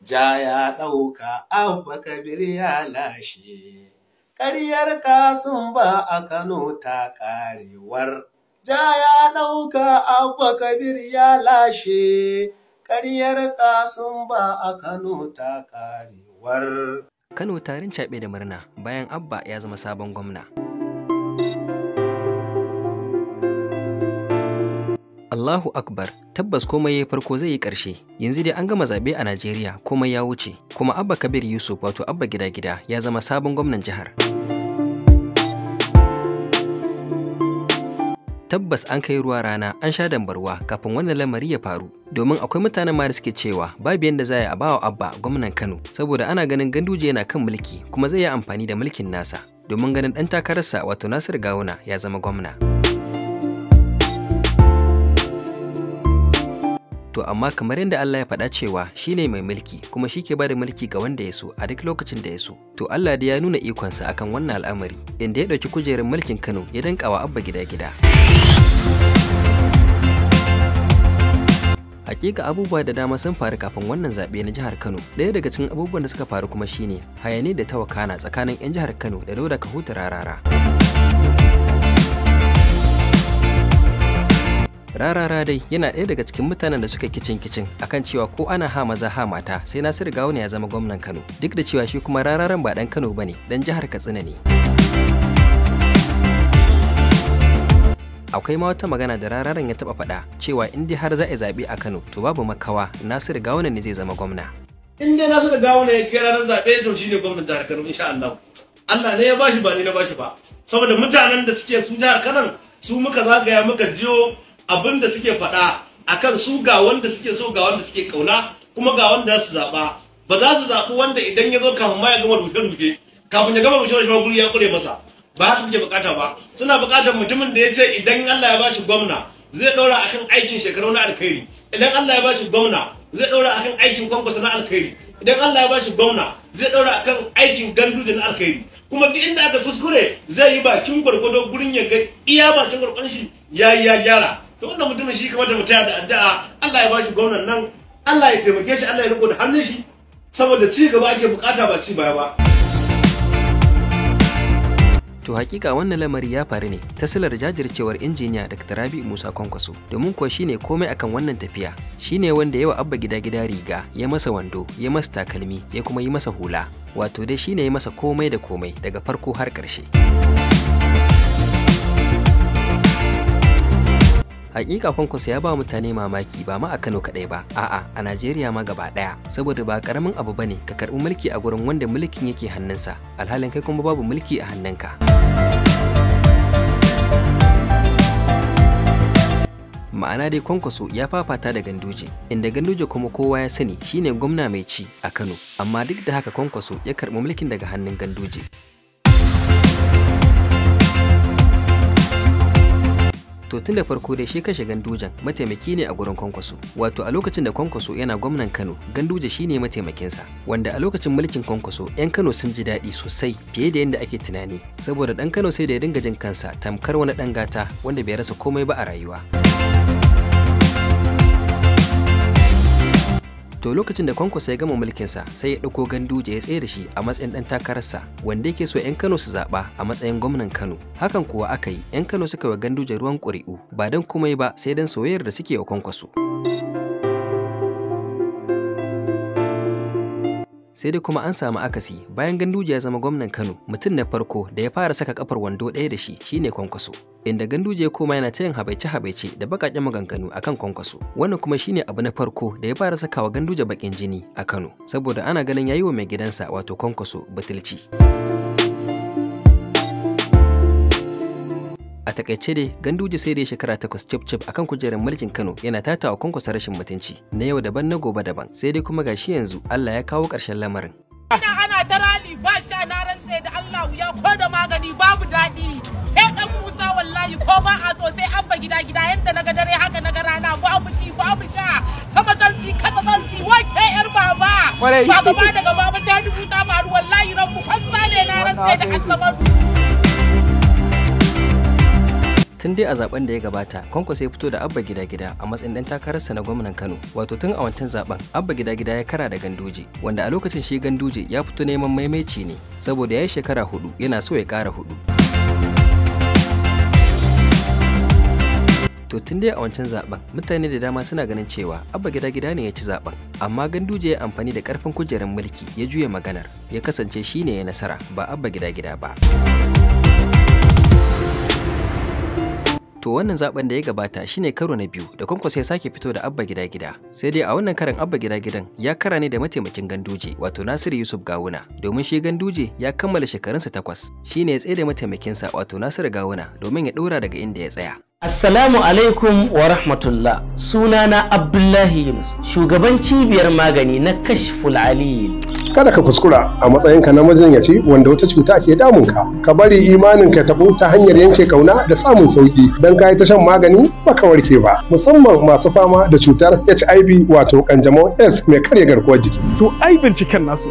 ja ya ɗauka abba kabir ya lashe ƙaryar sun ba a kano ta ƙarewar ja ya ɗauka abba kabir ya lashe ƙaryar sun ba a kano ta ƙarewar kano tarin caɓe da murna bayan abba ya zama sabon gwamna. Allahu Akbar tabbas komai ya farko zai yi ƙarshe yanzu dai an gama zaɓe a Najeriya komai ya wuce kuma Abba Kabir Yusuf wato Abba Gida Gida ya zama sabon gwamnan jihar. Tabbas an kai ruwa rana an sha dambarwa kafin wannan lamari ya faru domin akwai mutanen ma da suke cewa babu yadda za a bawa Abba gwamnan Kano saboda ana ganin ganduje yana kan mulki kuma zai yi amfani da mulkin nasa domin ganin ɗan takararsa wato Nasir Gawuna ya zama gwamna. To amma kamar yadda Allah ya faɗa cewa shi ne mai mulki kuma shi ke bada mulki ga wanda ya so a duk lokacin da ya so. To Allah da ya nuna ikonsa akan wannan al'amari inda ya ɗauki kujerar mulkin Kano ya danƙa wa Abba gida gida. hakika abubuwa da dama sun faru kafin wannan zaɓe na jihar Kano. Ɗaya daga cikin abubuwan da suka faru kuma shine hayani da tawakana tsakanin 'yan jihar Kano da Dauda Kahuta Rarara. Rarara dai yana ɗaya daga cikin mutanen da suka kicin kicin akan cewa ko ana ha maza ha mata sai Nasiru Gawuna ya zama gwamnan Kano duk da cewa shi kuma rararan ba ɗan Kano bane dan jihar Katsina ne. akwai ma wata magana da rararen ya taba faɗa cewa in dai har za a zaɓe a Kano to babu makawa Nasiru Gawuna ne zai zama gwamna. In dai Nasiru Gawuna ya kira ranar zaɓe to shine gwamnan jihar Kano insha Allah. Allah ne ya bashi ba ne na bashi ba. Saboda mutanen da suke su jihar Kano su muka zagaya muka jiyo abin da suke faɗa akan su ga wanda suke so ga wanda suke kauna kuma ga wanda za su zaɓa ba za su zaɓi wanda idan ya zo kafin ma ya gama rufe-rufe kafin ya gama rufe-rufe guri ya kure masa ba haka suke bukata ba suna bukatar mutumin da ya ce idan Allah ya bashi gwamna zai ɗora akan aikin shekaru na alkhairi idan Allah ya bashi gwamna zai ɗora akan aikin kwankwasa na alkhairi idan Allah ya shi gwamna zai ɗora akan aikin gandujin na alkhairi kuma duk inda aka kuskure zai yi bakin gwargwado gurin ya ga iya bakin gwargwadon shi ya ya gyara to wannan mutumin shi kamar da mutum taya da addu'a Allah ya ba shi gwamnan nan Allah ya taimake shi Allah ya riko da hannun shi saboda ci gaba ake bukata ba ci baya ba To hakika wannan lamari ya faru ne ta silar jajircewar injiniya Dr. Rabi Musa Kwankwaso domin kuwa shine komai akan wannan tafiya shine wanda yawa abba gida gida riga ya masa wando ya masa takalmi ya kuma yi masa hula wato dai shine ya masa komai da komai daga farko har ƙarshe. hakika kwankwaso ya ba mutane mamaki ba ma a Kano kaɗai ba a'a a Najeriya ma gaba ɗaya saboda ba karamin abu bane ka karɓi mulki a gurin wanda mulkin yake hannunsa alhalin kai kuma babu mulki a hannunka ma'ana dai kwankwaso ya fafata da ganduje inda ganduje kuma kowa ya sani shine gwamna mai ci a kano amma duk da haka kwankwaso ya karɓi mulkin daga hannun ganduje tun da farko dai shi kashe Gandujan mataimaki ne a gurin Kwankwaso. Wato a lokacin da Kwankwaso yana gwamnan Kano, Ganduja ne mataimakinsa, wanda a lokacin mulkin Kwankwaso 'yan Kano sun ji daɗi sosai fiye da yadda ake tunani, saboda ɗan Kano sai da ya dinga jin kansa tamkar wani ɗan gata wanda bai rasa komai ba a rayuwa. to lokacin da kwankwasa ya gama mulkin sa sai ya ɗauko ganduje ya tsaye da shi a matsayin ɗan takararsa wanda yake so 'yan kano su zaɓa a matsayin gwamnan kano hakan kuwa aka yi 'yan kano suka wa ganduje ruwan ƙuri'u ba don komai ba sai don soyayyar da suke wa kwankwaso. sai dai kuma an samu akasi bayan ganduje ya zama gwamnan kano mutum na farko da ya fara saka kafar wando ɗaya da shi shine kwankwaso inda ganduje ya koma yana ta yin habaice-habaice da baƙaƙen maganganu akan kwankwaso wannan kuma shine abu na farko da ya fara sakawa ganduje baƙin jini a kano saboda ana ganin yayi wa mai gidansa wato kwankwaso butulci. takaice dai ganduje sai dai shekara takwas cif cif akan kujerar mulkin kano yana tatawa kwankwasa rashin mutunci na yau daban na gobe daban sai dai kuma gashi yanzu allah ya kawo karshen lamarin ana ta rali ba sha na rantse da allah ya ko da magani babu daɗi sai dan musa wallahi ko ba a so sai abba gida gida yadda na ga dare haka na ga rana babu ci babu sha sama zantsi kasa zantsi ke yar baba ba gaba daga baba ta rubuta faru wallahi ran mu kwanza ne na rantse da allah tun dai a zaben da ya gabata kwankwa ya fito da abba gida gida a matsayin dan takararsa na gwamnan kano wato tun a wancan zaben abba gida gida ya kara da ganduje wanda a lokacin shi ganduje ya fito neman maimaici ne saboda ya yi shekara hudu yana so ya kara hudu to tun dai a wancan zaben mutane da dama suna ganin cewa abba gida gida ne ya ci zaben amma ganduje ya amfani da karfin kujerar mulki ya juya maganar ya kasance shine ya nasara ba abba gida gida ba To wannan zaben da ya gabata shine karo na biyu da Kwankwaso ya sake fito da Abba Gida Gida. Sai dai a wannan karan Abba Gida Gidan ya kara ne da mataimakin Ganduje wato Nasiru Yusuf Gawuna domin shi Ganduje ya kammala shekarunsa takwas shine ya tsaye da mataimakinsa wato Nasiru Gawuna domin ya ɗora daga inda ya tsaya. Assalamu alaikum wa rahmatullah sunana Abdullahi Yunus shugaban cibiyar magani na Kashful Aliyu. kada ka kuskura a matsayinka na majinyaci wanda wata cuta ke damun ka ka bari imanin ka taɓo ta hanyar yanke kauna da samun sauki dan kayi ta shan magani baka warke ba musamman masu fama da cutar HIV wato kanjamau S mai karya garkuwar jiki to ai binciken nasu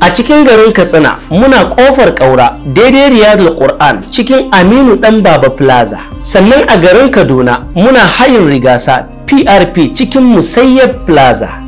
a cikin garin katsina muna kofar kaura daidai riyadul qur'an cikin aminu dan baba plaza sannan a garin kaduna muna hayin rigasa prp cikin musayyab plaza